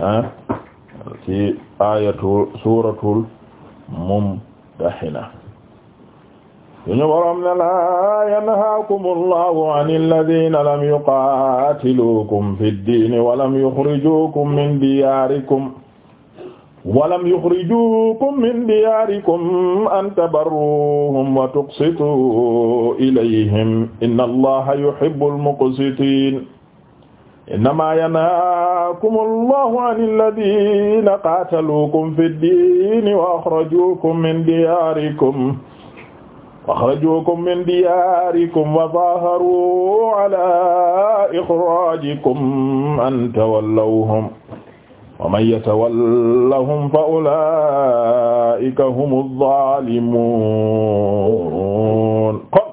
ah ci ayatul suratul mumtahina suñu borom ne laa yanhaakum allahu an alladina lam yuqaatiluukum fi ddiini walam yuxrijuukum min diyaarikum walam yuxrijuukum min diyaarikum an tabarruuhum wa tuqsituu ilayhim inna allaha yuhibbul muqsitiin innama yanhaakum allahu an alladina qaataluukum fi ddini wa axrajuukum min diyaarikum wa axrajuukum min diyaarikum wa daaharuu ala ixraajikum an tawallawhum wa man yatawallahum fa ulaa'ika humu zaalimuun kon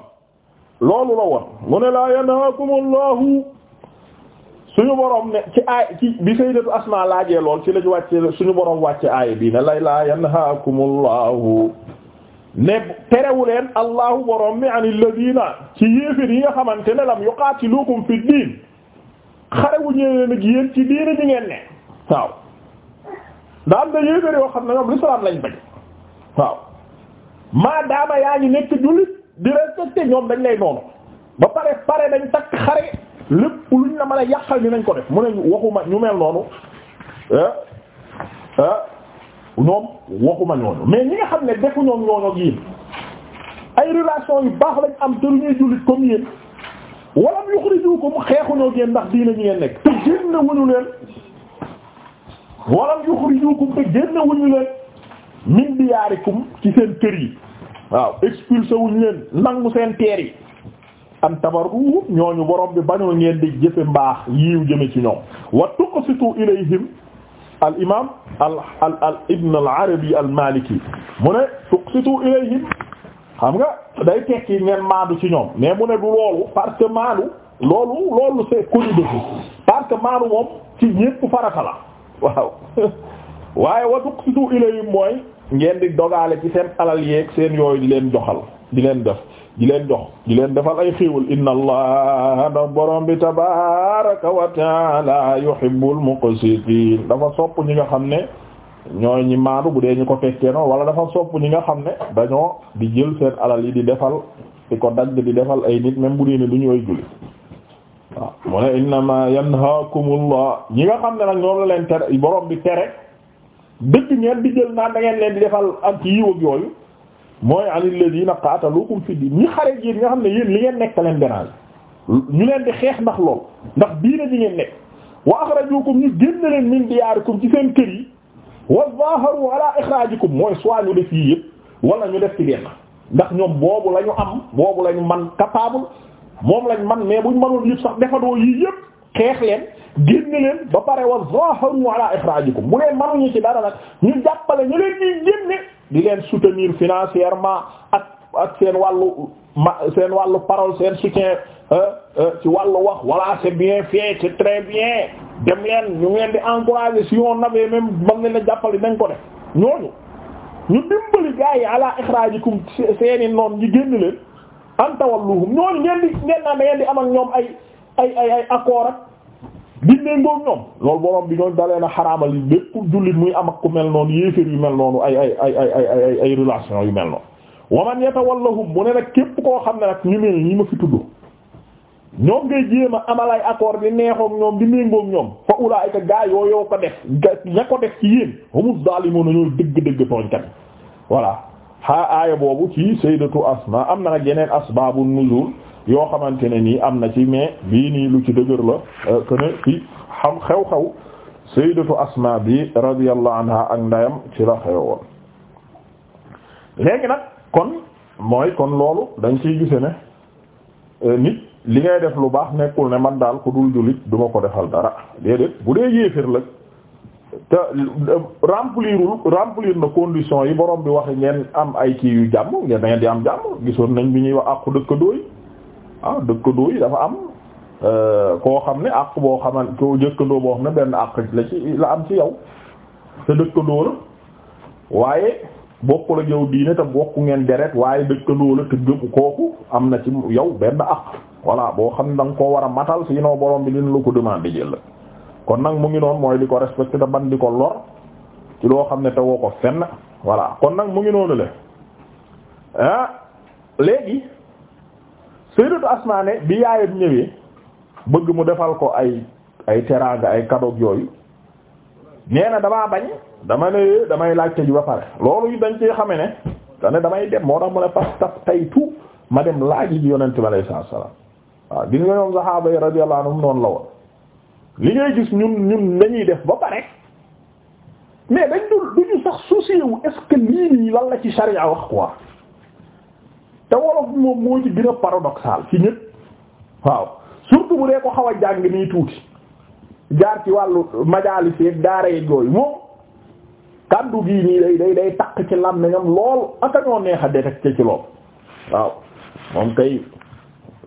loolu la woon mu ne laa yanhaakum allahu suñu borom ne ci aay ci bi sayyidatu Asma laajee lool ci lañu wàcce suñu boroom wàcce aaya bii ne lay laa yanhaakumullahu ne terewu leen allahu borom mi anil ladina ci yéefir yi nga xamante ne lam yuqaatilukum fi diin xarewu ñëwee nag yéen ci diina ñi ngeen ne waaw nda am na yéefir yoo xam ne ñoom l'islam lañ bañ waaw maa daama yaa ngi nekk jullit di respecté ñoom dañ lay noonu ba pare pare dañ takk xare lépp luñ la mën a yàqal nañ ko def mu ne waxuma ñu mel noonu ah, ah, ñoom waxuma ñooñu mais ñi nga xam ne defu ñoom ñooñu ak yéen ay relation yu baax lañ am te lu ñuy jullit comme yéen wala mu yuxrijukum xeexuñoo yéen ndax diina ñu ngeen nekk te génn wuñu leen wala mu yuxrijukum te génn leen min diyaarikum ci seen kër yi waaw expulsé wuñu leen nangu seen terre yi an tabarru ñooñu borom bi bañoo ngeen di jëfe mbaax yiiw jëme ci ñoom wa tuqsitu ilayhim al imam al al al ibn al arabi al maliki mu ne tuqsitu ilayhim xam nga day tekki ngeen maadu ci ñoom mais mu ne du loolu parce que maadu loolu loolu c'est connu de tous parce que maadu moom ci ñépp farata la waaw waaye wa tuqsitu ilayhim mooy ngeen di dogaale ci seen alal yeeg seen yooyu di leen joxal di leen def di leen dox di leen defal ay xéewal inna allah da borom bi tabaraka wa taala yuhibbul muqsitin dafa sopp ñi nga xam ne ñooy ñi maanu bu dee ñu ko fekkee wala dafa sopp ñi nga xam ne dañoo di jël seen yi di defal di ko di defal ay nit même bu dee ne du ñooy julli waaw mu ne nga xam ne la leen borom bi tere dëgg ñeen di jël naan da ngeen leen di defal ak yiw ak yooyu mooy alil ladina qaatalukum fi diin ñi xare ji nga xam ne yéen li ngeen nekk leen dérange ñu leen di xeex ndax lool ndax diine ji ngeen nekk wa axrajukum ñu génn leen min diyaarikum ci seen kër yi wa zaaharu ala ixraajikum mooy soit ñu def yii yëpp wala ñu def ci benn ndax ñoom boobu la ñu am boobu la ñu man capable moom lañ man mais buñ mënoon yëpp sax defadoo yii yëpp xeex leen génn leen ba pare wa zaharu ala ixraajikum mu leen mënuñu ci dara nag ñu jàppale ñu leen ñuy génne di leen soutenir financièrement ak ak seen wàllu ma seen wàllu parole seen soutien euh, euh, ci wàllu wax voilà c'est bien fait c'est bien dem leen ñu ngeen di encourager si on avait même ba ngeen la jàppale nañ ko def ñooñu ñu dimbali gaa yi ala ixraajikum seeni noon ñu génn leen antawalluhum ñooñu ngeen di ngeen naan ngeen di am ñoom ay ay ay ay accord liñ méngoog ñoom loolu borom bi ñoom dalee na xaraamal yi pour jullit muy am ak ku mel noonu yéeféer yu mel noonu ay ay ay ay relation yu mel noonu waman yatawallahum mu ne nag képp koo xam ne nag ñu mel ñi ma fi tudd ñoom ngay jéem a amalay accord di neexook ñoom di méngoog ñoom fa ulaayika gaa yoo yoo ko def ña ko def ci yéen humu zaalimoon ñoo dëgg-dëgg tooñkat voilà xaa aaya boobu ci sayyidatu asma am na nag yeneen asbaabu nuzul yoo xamante ne nii am na ci mais bii nii lu ci dëgër la euh, que ne xam xew-xew sayyidatu Asma bi radiyallahu anha ak ndayam ci la xewoon léegi nag kon mooy kon loolu dañ ciy gise ne euh, nit li ngay def lu baax nekkul ne man daal ku dul jullit du ko defal dara déedéet bu dee yéeféer la te euh, remplirul remplir na condition yi borom bi waxe ngeen am ay kii yu jàmm ngeen di am jàmm gisoon nañ bi ñuy wax àqu dëkkandoo yi ah dëkkandoo yi dafa am euh, koo xam ne àq boo xamal koo jëkkandoo boo xam ne benn àq la ci la am ci yow te dëkkandoo la waaye bokku la yow diine te bokku ngeen deret waaye dëkkandoo la te gëbu kooku am na ci yow benn àq voilà boo xam ne da ko koo war a matal sinon borom bi dina la ko demandé jël la kon nag mu ngi noonu mooy di ko respecté te ban di ci loo xam ne te woo ko fenn voilà kon nag mu ngi noonu le ah, léegi sayyidatu Asmaa ne bi yaayam ñëwee bëgg mu defal ko ay ay teraanga ay kadoog yooyu nee damaa bañ dama ne damay laajte ji ba pare loolu yi dañ ci xame ne dane damay dem moo tax mu ne pas taf taytu ma dem laaji ji yonente bi alayhi salaatu salaam waaw gis nga ñoom saxaaba yi radiyallahu anhum noonu la woon li ngay gis ñun ñun dañuy def ba pare mais dañ duñu sax soucié wu est-ce que lii ci charia wax quoi te wolof bi moom moo ci gën paradoxal ci ñëpp waaw surtout bu dee ko xaw a jàng nii tuuti jaar ci wàllu majaalis yeeg daara yeeg yooyu moom lool neex a détecté ci lool waaw moom kay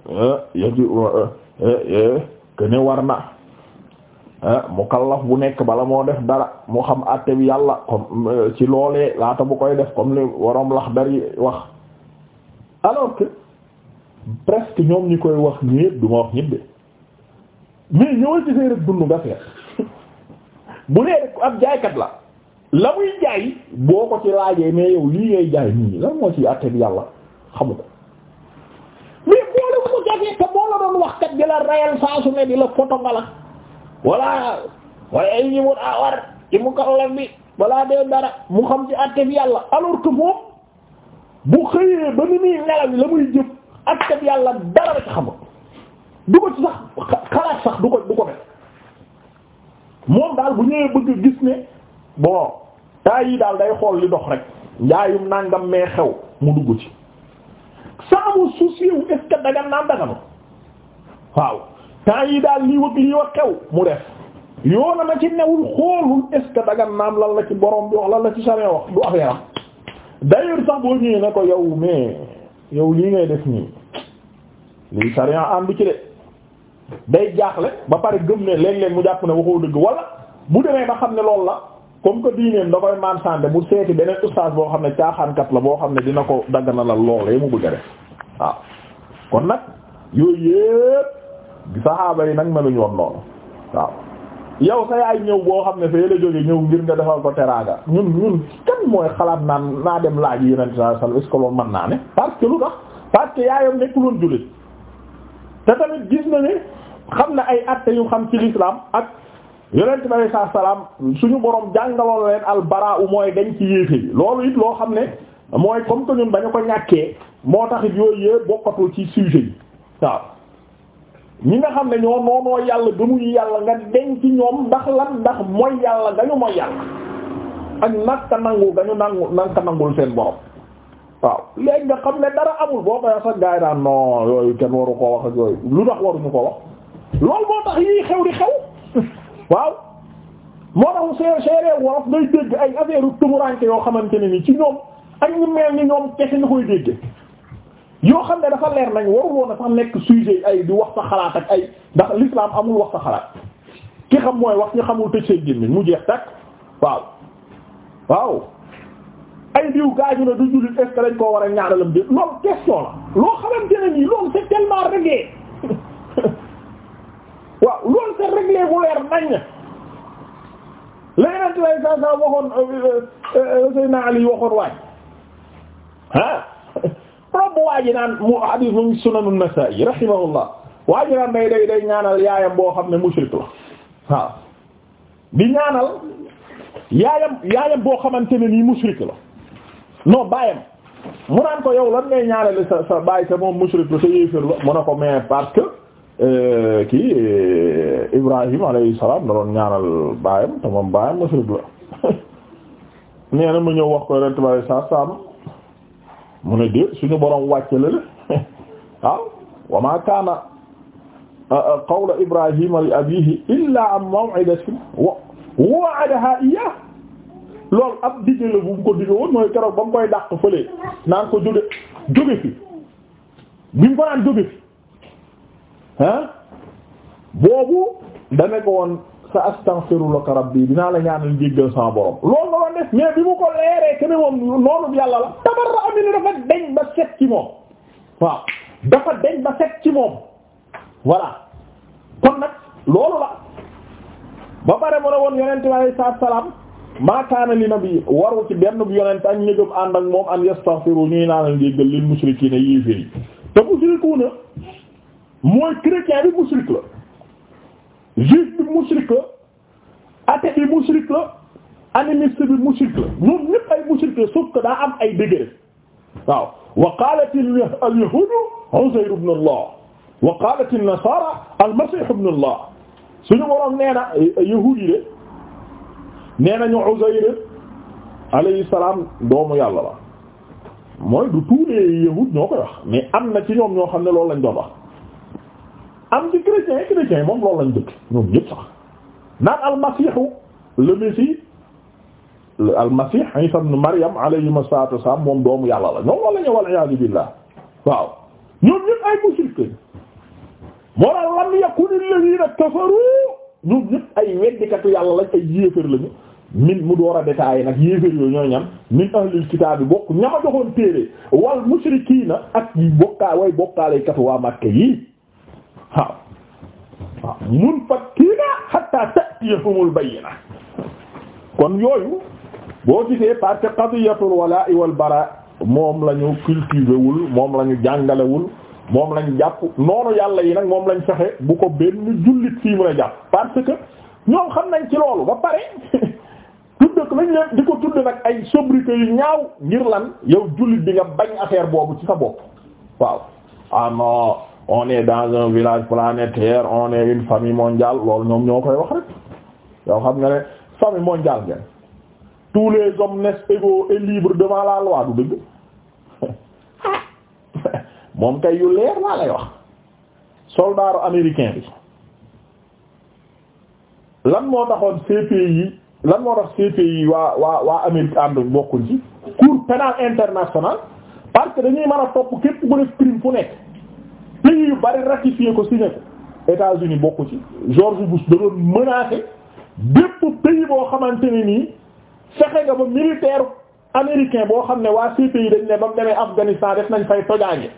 eh, yëngu eh, eh, que war na mukallaf bu nekk bala moo def dara mu xam àtte bi yàlla comme ci loolee laata bu koy def comme li waroom lax dari wax. alors que presque ñoom ñi koy wax ñépp du ma wax ñépp de mais ñoo gisee rek dund nga seet bu dee rek ab jaaykat la la muy jaay boo ko ci laajee mais yow lii ngay jaay nii lan moo ci àtte bi yàlla xamu ko mais boo la ko jafee te boo la doon wax di la rayal saa di la foto nga la walla waaye ay ñi mun ci mu karolam bi balaa dee dara mu xam ci àtte bi yàlla alors que moom bu xëyee ba ni muy nelaw la muy jëf ak kat yàlla dara la ci xamul du ko ci sax xalaat sax du ko du ko def moom daal bu ñëwee bëgg gis ne bon taa yi daal day xool li dox rek njaayum nangam mee xew mu dugg ci saamu souci wu est-ce que waaw taa yi daal lii wëgg lii wax xew mu def yoona na ci newul xoolul est-ce lan la ci borom bi wax lan la ci saree wax du affaire am d'ailleurs sax boo ñëwee ne ko yow mais yow lii ngay def nii lii sariya ànd ci de day jaaxle ba pare gëm ne léeg-léeg mu jàpp ne waxoo dëgg wala bu demee ba xam ne loolu la comme que diineen da koy maan sande mu seeti beneen ustaas boo xam ne caaxaankat la boo xam ne dina ko dagganalal loolee mu bëgg a def waaw kon nag yooyu yëpp saxaaba yi nag meluñu woon noonu waaw yow sa yaay ñëw boo xam ne fee la jóge ñëw ngir nga defal ko teraanga ñun ñun kan mooy xalaat naan naa dem laaj yonent sallallahu alayhi wasallam est-ce que loolu mën naa ne parce que lu tax parce que yaayam nekkuloon jullit te tamit gis na ne xam na ay atte yu xam ci l'islam ak yonent bi alayhi salaam suñu borom jàngaloon leen albara u mooy dañ ci yéefe yi loolu it loo xam ne mooy comme que ñun ko ñàkkee moo tax it yooyu yëpp bokkatul ci sujet yi waaw ñi nga xam ne ñoo noonoo yàlla gëmuñu yàlla nga denc ñoom ndax lan ndax mooy yàlla dañu mooy yàlla ak naka nangu dañu nangu naka nangul seen borom waaw léegi nga xam ne dara amul boo koy sax gaay daan yooyu kenn waru koo wax ak lu tax waruñu ko wax loolu moo tax yii xew di xew waaw moo tax see seeree wolof ngay dégg ay affaire tumuraanke yoo xamante ne nii ci ñoom ak ñu mel ni ñoom kese ñu koy dégg yoo xam ne dafa leer nañ warul woon a sax nekk ay di wax sa xalaat ak ay ndax l'islam amul wax sa xalaat ki xam mooy wax ñu xamul tëj seen gémmiñ mu jeex tak waaw waaw ay diw gaaju na du jullit est dañ koo war a ñaanalam dé loolu question la loo xamante ne nii loolu c'est tellement réglé waaw loolu c'est réglé bu leer nañ léenent lay sa sa waxoon euh, euh, euh, Seydina Ali waxoon waay ah robb waa ji naan mu hadis mu sunan an-Nasa'i rahimahullah waa day day day ñaanal yaayam boo xam ne mushrik la waaw di ñaanal yaayam yaayam boo xamante ne nii mushrik la non baayam mu naan ko yow lan ngay ñaanale sa sa baay sa moom mushrik la sa yéefér la mu ne ko mais parce que euh, kii euh, Ibrahim alayhi salaam da doon ñaanal baayam te baayam mushrik la nee mu ñëw wax ko yonent bi alayhi salaam mu ne déet suñu borom wàcce la le waaw wa ma kaana qawla ibrahima li abihi illa am maw'idatin wa wa'adaha iyyah loolu ab diggale bu mu ko digg woon mooy keroog ba mu koy dàq fële naan ko jóge jóge fi bi mu ko naan jóge fi ah boobu da sa astaghfiruka rabbi dinaa la ñaanal jéggal sama borom loolu la def mais bi mu ko leeree que ne moom noonu yàlla la tabarra amina dafa deñ ba set ci moom waaw dafa deñ ba set ci moom voilà kon nag loolu la ba pare mu ne woon yonente bi alayhi salaatu salaam maa li nabi waru ci benn bu yonent ak ñëgëm ànd ak moom an yastaghfiru ñuy naanal jéggal lil mushrikiina yéeféer yi te mushrikuuna mooy chrétien bi mushrik la juif bi mushrik la athée bi mushrik la animiste bi mushrik la ñoom ñëpp ay mushrik la sauf daa am ay degré waaw wa qalat al-yahudu Uzayr ibn Allah wa qalat an-nasara al-masih ibn Allah suñu boroom nee na yahuud yi de nee nañu Uzayr alayhi salaam yàlla la mooy du tous les yahuud ñoo koy am na ci ñoom ñoo xam ne lool lañ doon wax am ci chrétien chrétien moom loolu lañ dëkk ñoom ñëpp sax naan almasihu le messie almasih isa ibn maryam alayhi salatu wassalam moom doomu yàlla la ñoom loolu la ñu wal iyaazu billah waaw ñoom ñëpp ay mushrik lañ moo tax lam yakun alladhina kafaru ñoom ñëpp ay weddikatu yàlla lañ ay yéefér lañu min mu door a détaillé nag yéefér yooyu ñoo ñam min ahlul kitaab yi bokk ñama joxoon téere wal mushrikiina ak yi waa Makka yi munfakkina hatta ta'tiyahumul bayyina kon yooyu boo gisee parce que qadiyatul walaa'i wal bara moom la ñu cultivé wul moom lañu jàngalewul moom lañ jàpp noonu yàlla yi nag moom lañ fexe bu ko benn jullit fii mën a jàpp parce que ñoom xam nañ ci loolu ba pare tudd ko lañ leen di ko tudd nag ay sobriquet yu ñaaw ngir lan yow jullit bi nga bañ affaire boobu ci sa bopp waaw ah non on est dans un village planétaire on une famille mondiale loolu ñoom ñoo koy wax rek yow xam nga ne famille mondiale ngeen tous les hommes naissent égaux et libres devant la loi du dëgg moom kay yu leer laa lay wax soldaaru américain bi lan moo taxoon CPI lan moo tax CPI waa waa waa Amérique ànd bokkuñ ci cour pénale internationale parce que dañuy mën a topp képp ku def fu nekk pays yu bari ratifié ko si ne ko États-Unis bokku ci George Bush da doon menacé bépp pays boo xamante ne nii fexe nga ba militaire américain boo xam ne waa CPI dañ ne ba mu demee Afghanistan def nañ fay tojaange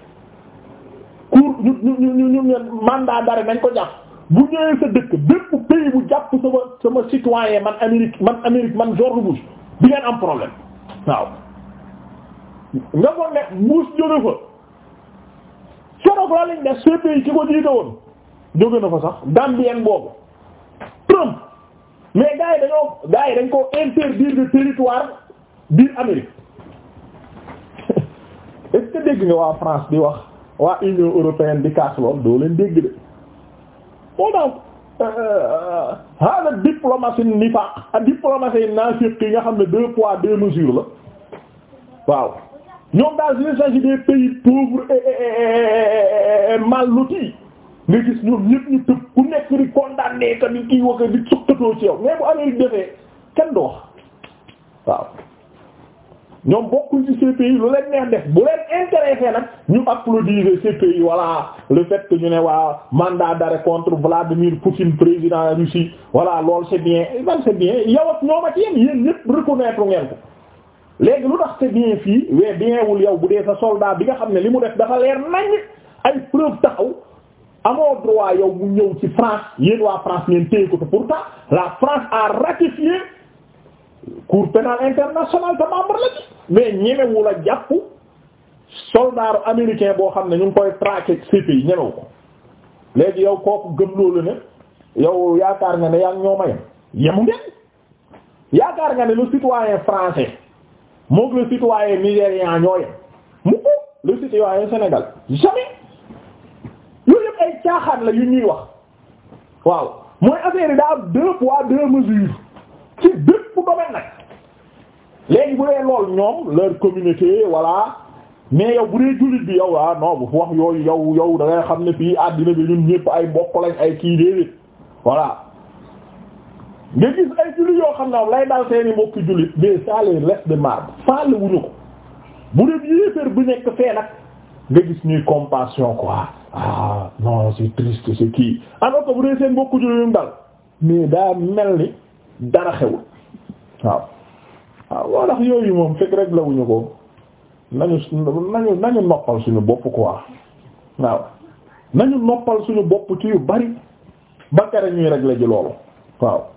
cour ñu ñu ñu ñu ñu mandat d'arrêt nañ ko jàpp bu ñëwee sa dëkk bépp pays bu jàpp sama sama citoyen man Amérique man Amérique man George Bush bi ngeen am problème waaw nga ko ne Bush jóge fa keroog laa lañ ne CPI ki ko jiite woon jóge na fa sax Gambien boobu Trump mais gars dañoo gars dañ ko interdire de territoire biir Amérique est dégg nga waa France di wax waa Union européenne di kaas lool doo dégg de moo daaw hada diplomatie nifaq ak diplomatie naafiq yi nga xam ne deux poids deux mesures la waaw ñoom daal il s'agit des pays pauvres et mal lotis nga ñoom ñëpp ñu tëb ku nekk di condamné que ni kii wax di sukkatoo ci yow mais bu Amérique kenn du waaw ñoom bokkuñ ci ces pays lu leen def bu leen intéressé nag ñu applaudir ces pays voilà le fait que ñu ne waa mandat d'arrêt contre Vladimir Poutine président Russie lool loolu c'est bien man eh c'est bien yow ak ñoom ak yéen yéen ñëpp reconnaître ngeen ko. léegi lu tax sa bien fii wee bien wul yow bu dee sa soldat bi nga xam ne li mu def dafa leer nañ ay preuve taxaw amoo droit yow mu ñëw ci France yéen waa France ngeen téye ko te pourtant la France a ratifié cour pénale internationale te membre la ci mais ñemewu la jàpp soldaaru américain boo xam ne ñu ngi koy traqué CPI ñemewu ko léegi yow kooku gëm loolu ne yow yaakaar nga ne yaa ngi ñoo mayam yemu ngeen yaakaar nga ne le citoyen français mook le citoyen nigérian ñoo yem mu ko le citoyen sénégal jamais yooyu yëpp ay caaxaan la yu ñuy wax waaw mooy affaire yi daa am deux poids deux mesures ci bépp domaine nag léegi bu dee lool ñoom leur communauté voilà mais yow bu dee jullit bi yow ah non bu wax yooyu yow yow da xam ne fii àddina bi ñun ñëpp ay bokk lañ ay kii déedéet voilà nga gis ay jullit yoo xam ne lay dal seeni mbokki jullit mais ça les de marbre faale wuñu ko bu dee yéeféer bu nekk fee nag nga gis ñuy compassion quoi ah non c'est triste c'est kii alors que bu dee seen mbokki jullit ñu dal mais daa mel ni dara xewul waaw ah, waaw woo tax yooyu moom fekk ko nañu nañu nañu noppal suñu bopp quoi waaw nañu noppal suñu bopp ci yu bari ba kere ñuy régler ji loolu waaw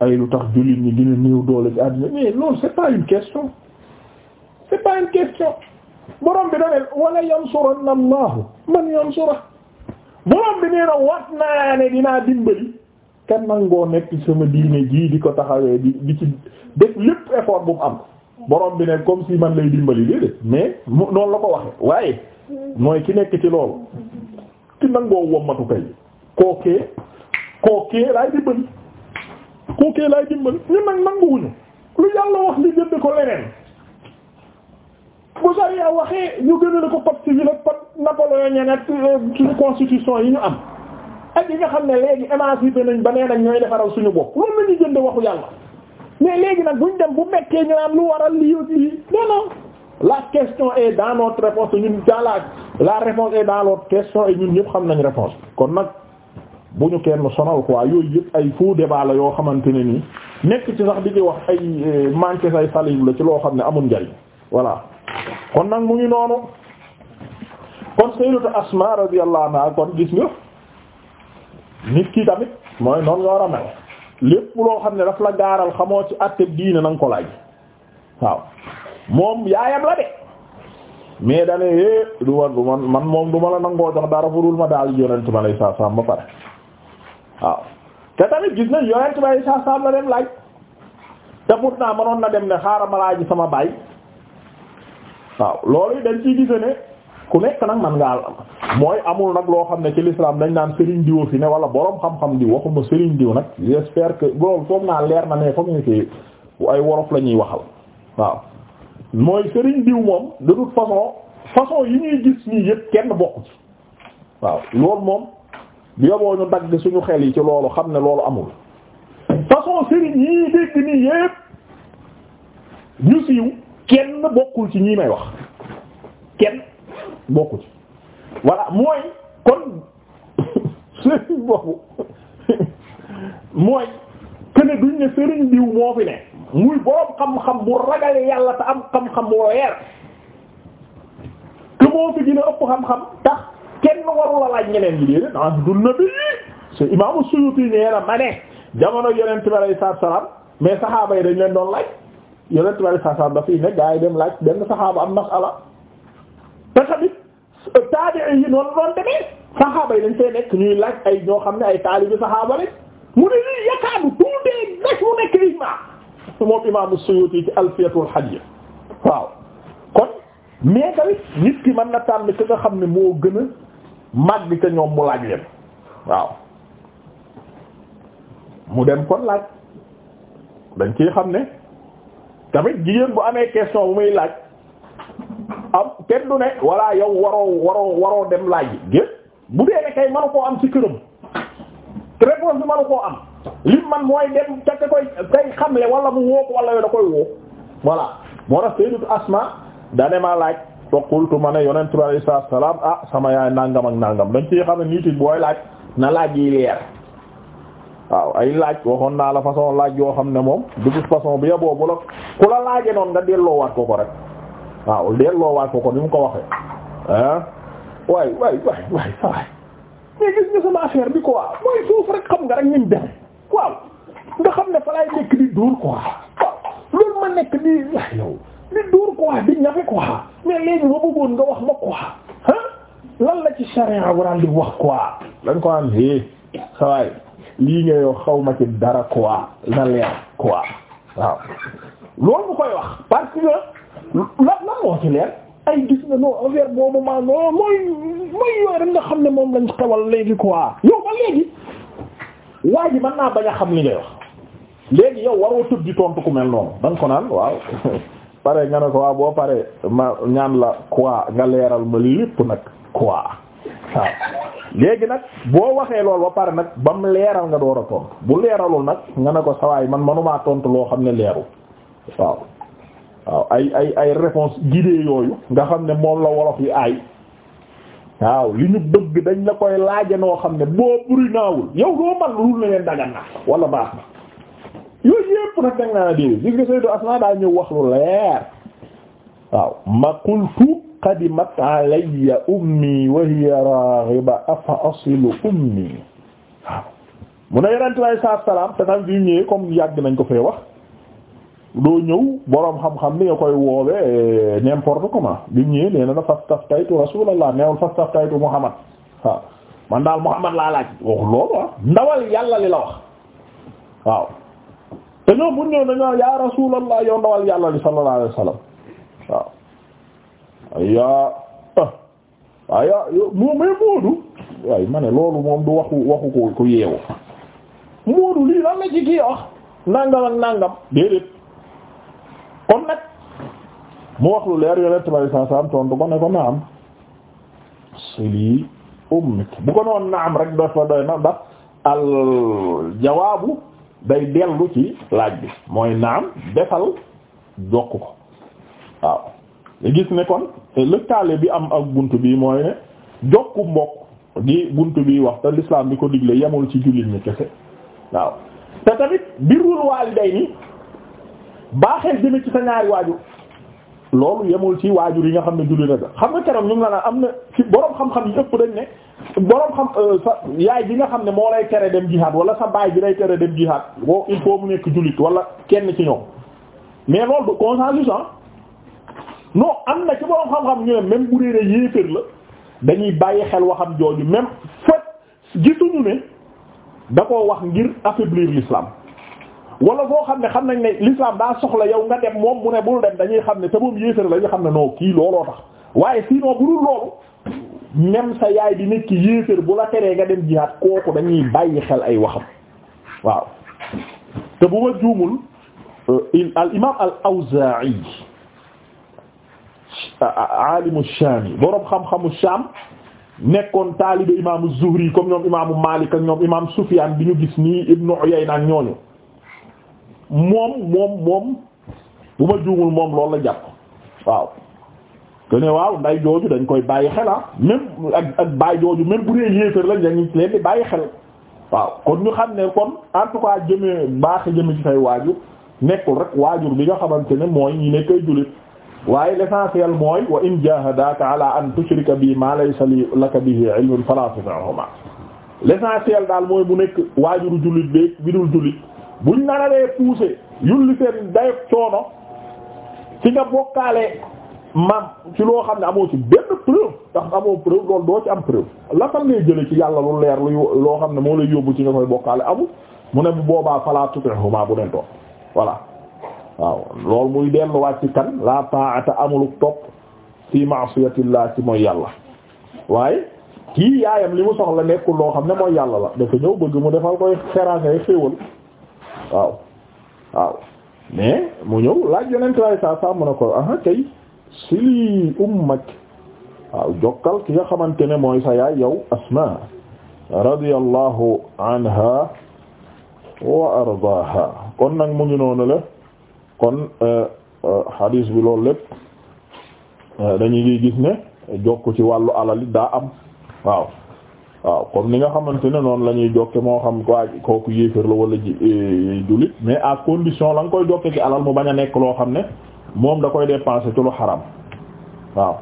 ay lu tax jullit ñi gën a néew doole ci àddina mais loolu c'est pas une question c'est pas borom bi dane wala yansuranna Allahu man yansura borom bi nee na wat naa ne dinaa dimbali kenn nangoo nekk sama diine jii di ko taxawee di di ci def lépp effort bu mu am borom bi ne comme si man lay dimbali déedéet mais noonu la ko waxe waaye mooy ki nekk ci loolu ki nangoo wommatu kay kookee kookee laay dimbali kookee laay dimbali ñun nag nanguwuñu lu yàlla wax li jënd ko leneen bu sariya waxee ñu gënale ko code civil ak code Napoléon ñeneen euh, suñu constitution yi ñu am ak yi nga xam ne léegi émancipé nañ ba nee nañ ñooy defaral suñu bopp loolu la ñuy jënd waxu yàlla mais léegi nag buñ dem bu mekkee ñu naan lu waral li ak lii non la question est dans notre réponse ñun dans la la réponse est dans notre question et ñun ñëpp xam nañ réponse kon nag. bu ñu kenn sonal quoi yooyu yëpp ay faux débat la yoo xamante ne nii nekk ci sax di ci wax ay eh, manqué say salive la ci loo xam ne amul njariñ voilà kon nag mu ngi noonu kon sayyidatu Asma radiyallahu anha kon gis nga nit ki tamit mooy noonu nga war a mel lépp loo xam ne daf la gaaral xamoo ci àtte diine na nga ko laaj waaw moom yaayam la de mais dane é eh, du war man moom du ma la nangoo jox dara furul ma daal yonent ma lay saa saam ba pare waaw te tamit gis nañ yonent bay sa sam na dem laaj te pourtant mënoon na dem ne xaaral ma laaj sama baay waaw loolu dañ ciy gise ne ku nekk na man ngaa mooy amul nag loo xam ne ci lislaam dañ naan sëriñ diwo fi ne wala borom xam-xam di waxuma sëriñ diw nag j'espère que loolu foog naa leer na ne foog ñu ci ay worof la ñuy waxal waaw mooy Serigne diw moom du toute façon façon yi ñuy gis nii yëpp kenn bokk ci waaw loolu moom yoboo ñu dagg suñu xel yi ci loolu xam ne loolu amul façon sëriñ yii dégg nii yépp ñu siiw kenn bokkul ci ñii may wax kenn bokku ci voilà mooy kon sëriñ boobu mooy kene duñ ne sëriñ diw moo fi ne muy boroom xam-xam bu ragale yàlla te am xam-xam bu leer que moo fi dina ëpp xam-xam tax kenn waru la laaj ñeneen ñi déedéet ah dund na bi ci Imaamu Suyuti nee na ma ne jamono Yonent bi salaam mais saxaaba yi dañ leen doon laaj Yonent bi alayhi salaam dafay ne gaa dem laaj benn saxaaba am masala te tamit taabi'i yi noonu doon demee saxaaba yi dañ nekk ñuy laaj ay ñoo xam ne ay taalibi saxaaba rek mu ne lii yakaadu tuutee bés mu nekk ijmaa moom Imaamu Suyuti ci Alfiyatul Hadith waaw kon mais tamit nit ki mën na tànn ki nga xam ne moo gën màgg ca ñoom mu laaj leen waaw mu dem kon laaj dañ ciy xam ne tamit jigéen bu amee question bu muy laaj am kenn du ne walla yow waroo waroo waroo dem laaj yi bu dee ne kay manu koo am ci këram réponse bi manu koo am li man mooy dem ca koy kay xamle wala mu woo ko wala yow da koy woo voilà moo tax Sayyidatu Asma da ne laaj fa qultu ma ne yonent bi alayhi salaatu ah sama yaay nangam ak nangam dañ ci xam nit yi booy laaj na laaj yi leer waaw ay laaj waxoon naa la façon laaj yoo xam ne moom dugub façon bi yaboo bu la ku la laaje noonu nga delloowaat ko ko rek waaw delloowaat ko ko ni mu ko waxee ah waay waay waay waay waay mais gis nga sama affaire bi quoi mooy suuf rek xam nga rek ni mu waaw nga xam ne fa nekk di dóor quoi waaw loolu ma nekk di waay di dóor quoi di ñafe quoi mais léegi ma bëggoon nga wax ma quoi ah lan la ci charia waral di wax quoi dañ ko am hé sawaay lii nga yow xaw ma ci dara quoi na leer quoi waaw loolu mu koy wax parce que lan lan moo ci leer ay gis nga non affaire boobu maa non mooy mooy yooyu rek nga xam ne moom lañ xewal léegi quoi yow ba léegi waa ji mën naa bañ a xam li ngay wax léegi yow waroo tëb di tontu ku mel noonu da ko naan waaw pare nga ne ko waaw boo pare ma ñaan la quoi nga leeral ma lépp nag quoi waaw léegi nag boo waxee lool ba pare nag ba mu leeral nga door a tontu bu leeralul nag nga ne ko sawaay man manumaa tontu loo xam ne leeru waaw waaw ay ay ay réponse guidée yooyu nga xam ne moom la wolof yi aay waaw li ñu bëgg dañ la koy laaje noo xam ne boo buri naawul yow doo man lu leen dagan na wala baax na yooyu yépp nag dang naa déedéet gis nga daa ñëw wax lu leer waaw ma qultu qadimat alayya ummi wa hiya raghiba afa asilu ummi waaw mu ne yonent bi saa salaam te tam bi ñëwee comme yàgg nañ ko fee wax doo ñëw boroom xam-xam ni nga koy woowe eh, n'importe comment bi ñëwee nee na na fastaftaytu rasulallah neewul fastaftaytu muhammad waaw man daal muhammad laa laaj waxul loolu ah ndawal yàlla li la wax waaw te ñoom bu ñëw dañoo yaa rasulallah yow ndawal yàlla li sallallahu alayhi wasallam waaw ayaa ah, ayaa moom may moodu waaye ma ne loolu moom du waxu waxu ko ko yeewu moodu lii lan la ci kii wax nàngam ak nàngam déedéet kon nag mu wax lu leer yonent bi saa saam tontu ko ne ko naam sili ummik bu ko noon naam rek dafa doy na ndax al jawaabu day dellu ci laaj bi mooy naam defal jokk ko waaw gis ne kon lëkkaale bi am ak bunt bi mooy ne jokku mbokk gi bunt bi wax te l'islam bi ko digle yemul ci jullit ñi kese waaw te tamit birrul waalidayni baaxeel jëme ci sa ñaari waajur loolu yemul ci waajur yi nga xam ne jullit na xam nga keroog ñu ngi la am na ci boroom xam-xam yi ëpp dañ ne borom xam euh, sa yaay bi nga xam ne moo lay tere dem jihaad wala sa baay bi lay tere dem jihaad woo il faut mu nekk jullit wala kenn ci ñoom mais loolu du consensus ah non am na ci borom xam-xam ñu ne même bu dee yéeféer la dañuy bàyyi xel waxam jooju même fat gisuñu ne da koo wax ngir affaiblir l'islam wala foo xam ne xam nañ ne l'islam daa soxla yow nga dem moom mu ne bul dem dañuy xam ne te moom yéeféer la ñu xam ne non kii looloo tax waaye même sa yaay di nekk yéeféer bu la teree nga dem jihaad kooku dañuy bàyyi xel ay waxam waaw te bu ma juumul euh, al imaam al awzaa'i alimu shaam yi boroom xam-xamu shaam nekkoon taalibe imaamu zuhri comme ñoom imaamu maalik ak ñoom imaam sufyaan bi ñu gis nii ibnu uyayna ak ñooñu moom moom moom bu ma juumul moom loolu la jàpp waaw que waaw nday jooju dañ koy bàyyi xel ah même ak ak baay jooju même bu dee yéefar lañ dañu leen di bàyyi xel waaw kon ñu xam ne kon en tout cas jëmee baax jëme ci say waajur nekkul rek waajur bi nga xamante ne mooy ñi nekk ay waaye l'essentiel mooy wa in jahadaka ala an tushrika bi ma laysa laka bihi bi fala tuti'huma l'essentiel daal mooy bu nekk waajuru jullit bi bi dul jullit buñ nanalee pousser yulli seen dayot coono ci nga bokkaale maam ci loo xam ne amoo ci benn preuve tax amoo preuve loolu doo ci am preuve la fan ngay jële ci yàlla lu leer lu loo xam ne moo la yóbbu ci nga koy bokkaale amul mu ne bu boobaa falaa tutihuma bu leen topp voilà waaw loolu muy delluwaat ci kan la ta'ata amulu topp fi ma'siyatillah ci mooy yàlla waaye kii yaayam li mu soxla nekkul loo xam ne mooy yàlla la dafa ñëw bëgg mu defal koy xeraangay xéewal waaw waaw mais mu ñëw laaj yonent lay saa saa mu ne ko sili ummak waaw jokkal ki nga xamante ne mooy sa yaay yow asma radiyallahu anha wa ardaaha kon nag mu ngi noonu la kon euh, euh, hadis bi loolu lépp euh, dañuy ngi gis ne jokk ci wàllu alali daa am waaw waaw comme ni nga xamante ne noonu la ñuy jokke moo xam waa kooku yéefér la wala ji jullit mais à condition la nga koy jokke ci alal mu bañ a nekk loo xam ne moom da koy dépenser ci lu xaram waaw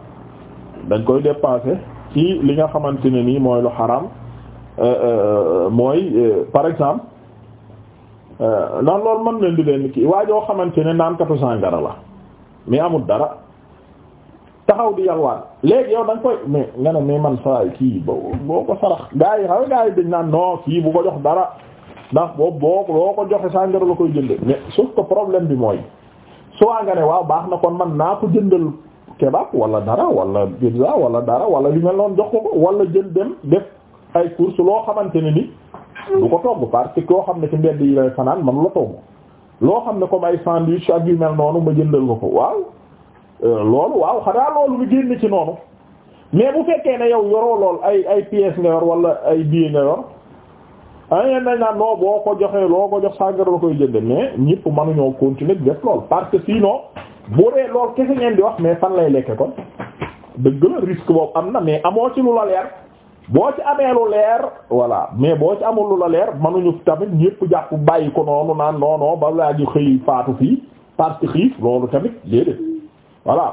dañ koy dépenser ci li nga xamante ne nii mooy lu xaram euh, euh, mooy euh, par exemple ndax loolu mën leen di leen kii waa joo xamante ne naankatu sàngara la mais amul dara taxaw di yalwaan léegi yow da nga koy mais nga ne mais man saa kii boo ko sarax gaa yi xam gaa yi dañ naan non kii bu ko jox dara ndax boobu boo boo ko joxe sàngara la koy jënde mais sauf que problème bi mooy su waa ne waaw baax na kon man naa ko jëndal kebab wala dara wala pizza wala dara wala li mel noonu jox ko ko wala jël dem def ay course loo xamante ne ni lu ko togg parce que koo xam ne ci mbedd yi lay fanaan man la togg loo xam ne comme ay sandwich ak yu mel noonu ma jëndal ko ko waaw euh, loolu waaw xanaa loolu lu génn ci noonu mais bu fekkee ne yow yoroo lool ay ay pièces nga yor wala ay billets nga yor ay nañ naan non boo ko joxee loo ko jox sàngara la koy jënde mais ñëpp mënuñoo continuer def lool parce que sinon boo dee lool kese ngeen di wax mais fan lay lekke kon dëgg la risque boobu am na mais amoo ci lu la leer boo ci amee lu leer voilà mais boo ci amul lu la leer mënuñu tamit ñëpp jàpp bàyyi ko noonu naan non non ba laa ji xëy faatu fii parce que xiif loolu tamit déedéet voilà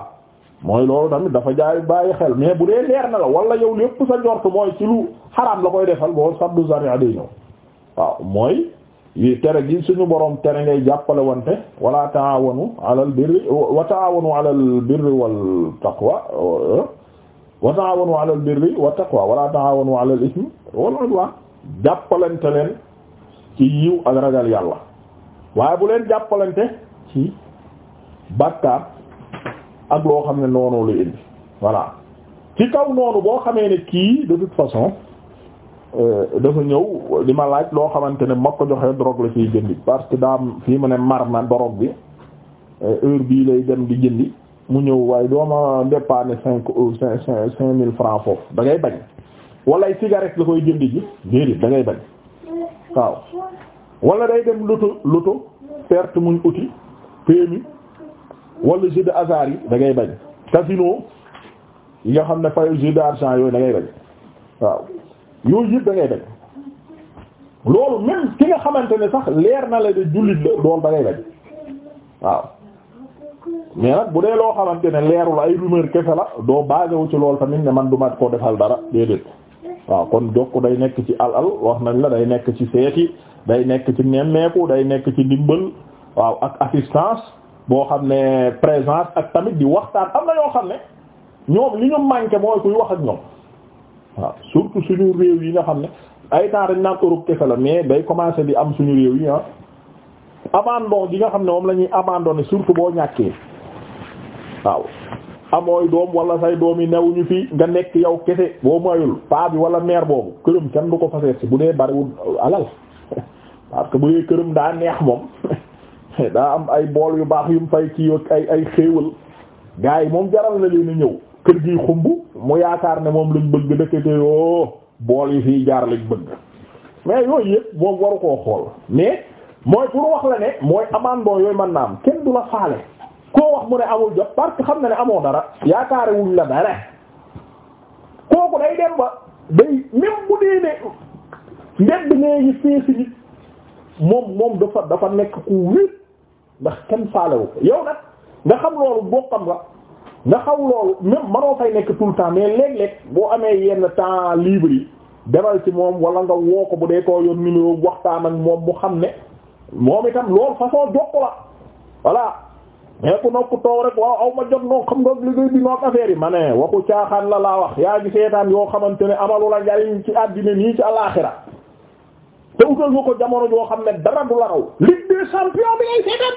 mooy loolu tamit dafa jaay bàyyi xel mais bu dee leer na la wala yow lépp sa njort mooy ci lu xaraam la koy defal boo sabdu zaria day ñëw waaw mooy tere gi suñu boroom tere ngay jàppale wante wala taawanu alal birri wa taawanu alal birri wal taqwa wa taawanu alal birri wa taqwa wala taawanu alal ismi wal udwan jàppalante leen ci yiw ak ragal yàlla waaye bu leen jàppalante ci bàkkaar ak loo xam ne noonu lu indi voilà ki kaw noonu boo xamee ne kii de toute façon Euh, dafa ñëw li ma laaj loo xamante ne ma ko joxee drogue la ciy jëndi parce que daa fii mu ne mar na drogue bi euh, heure bii lay dem di jëndi mu ñëw waaye dooma dépanne euh, cinq cinq cinq mille francs foofu da ngay bañ ay cigarette la koy jënd ji déedéet da ngay bañ waaw wala day dem loto loto perte muñ uti péemi wala jeu de hasard yi da ngay bañ casino yi nga xam ne fay jeu d'argent yooyu da ngay bañ waaw yooyu yëpp da ngay daj loolu même ki nga xamante ne sax leer na la de jullit la loolu da ngay daj waaw mais bu dee loo xamante ne leerul ay rumeur kese la doo basé ci lool tamit ne man du ma ko defal dara déedéet waaw kon jokk day nekk ci alal wax nañ la day nekk ci seeti day nekk ci nemmeeku day nekk ci ndimbal waaw ak assistance boo xam ne présence ak tamit di waxtaan am na yoo xam ne ñoom li ñu manqué mooy kuy wax ak ñoom. waaw surtout suñu réew yi nga xam ne ay temps dañ naan Europe kese la mais day commencer di am suñu réew yi ah abandon gi nga xam ne moom la ñuy abandonné surtout boo ñàkkee waaw amooy doom wala say doom yi newuñu fii nga nekk yow kese boo mayul paa bi wala mère boobu këram kenn du ko faseet si bu dee bariwul alal parce que bu dee këram daa neex moom daa am ay bool yu baax yu mu fay ci ay ay xéewal gars yi moom jaral na leen a ñëw kër gi xumb mu yaakaar ne moom lañ bëgg dëkkate yoo bool yi fii jaar lañ bëgg mais yooyu yëpp moom waru koo xool mais mooy pour wax la ne mooy amandoo yooyu mën naa am kenn du la faale koo wax mu ne amul jot parce que xam na ne amoo dara yaakaare wuñ la dara kooku day dem ba day même bu dee ne ndedd neegi feesi bi moom moom dafa dafa nekk ku wér ndax kenn faalewu ko yow nag nga xam loolu bokkam la nga xaw loolu même manoo fay nekk tout le temps mais léeg-léeg boo amee yenn temps libre yi demal ci moom wala nga woo ko bu dee koo yoon numéro waxtaan ak moom mu xam ne moom itam loolu façon jokk la voilà mais ku nokk toow rek waaw aw ma jot noonu xam nga liggéey bi noog affaire yi ma ne waxu caaxaan la laa wax yaa ngi seetaan yoo xamante ne amalu la njariñ ci àddina nii ci alaaxira te utal ko jamono joo xam ne dara du la raw Ligue des champions bi ngay seetaan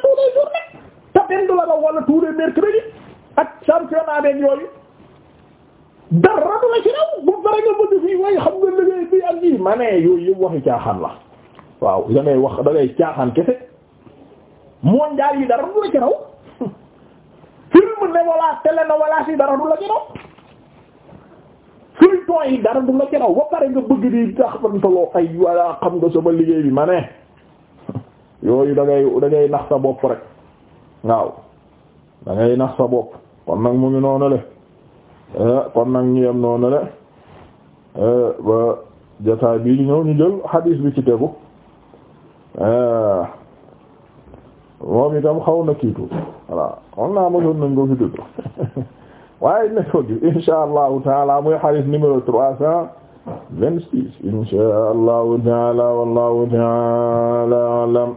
ak championnat beeg yooyu dara du la ci raw bu pare nga bëgg fii waaye xam nga liggéey bi ak lii ma yooyu yëpp waxi caaxaan la waaw da ngay wax da ngay caaxaan kese mondial yi dara du la ci raw film ne walla télénovela yi dara du la ci raw feuilleton yi dara du la ci raw ba pare nga bëgg di tax bantaloo ay walla xam nga sama liggéey bi ma yooyu da ngay nax sa bopp rek waaw da ngay nax sa bopp kon nag mu ngi noonale eh, kon nag ñu yem noonale eh, ba jotaay bii ñu ñëw ñu jël hadis bi ci tegu eh, moom itam xaw na kiitu voilà on naa mosoon nañ ko fi dudd waaye ne ko gi insha allahu taala muy hadis numéro trois cent vingt-six insha allahu taala wallahu taala alam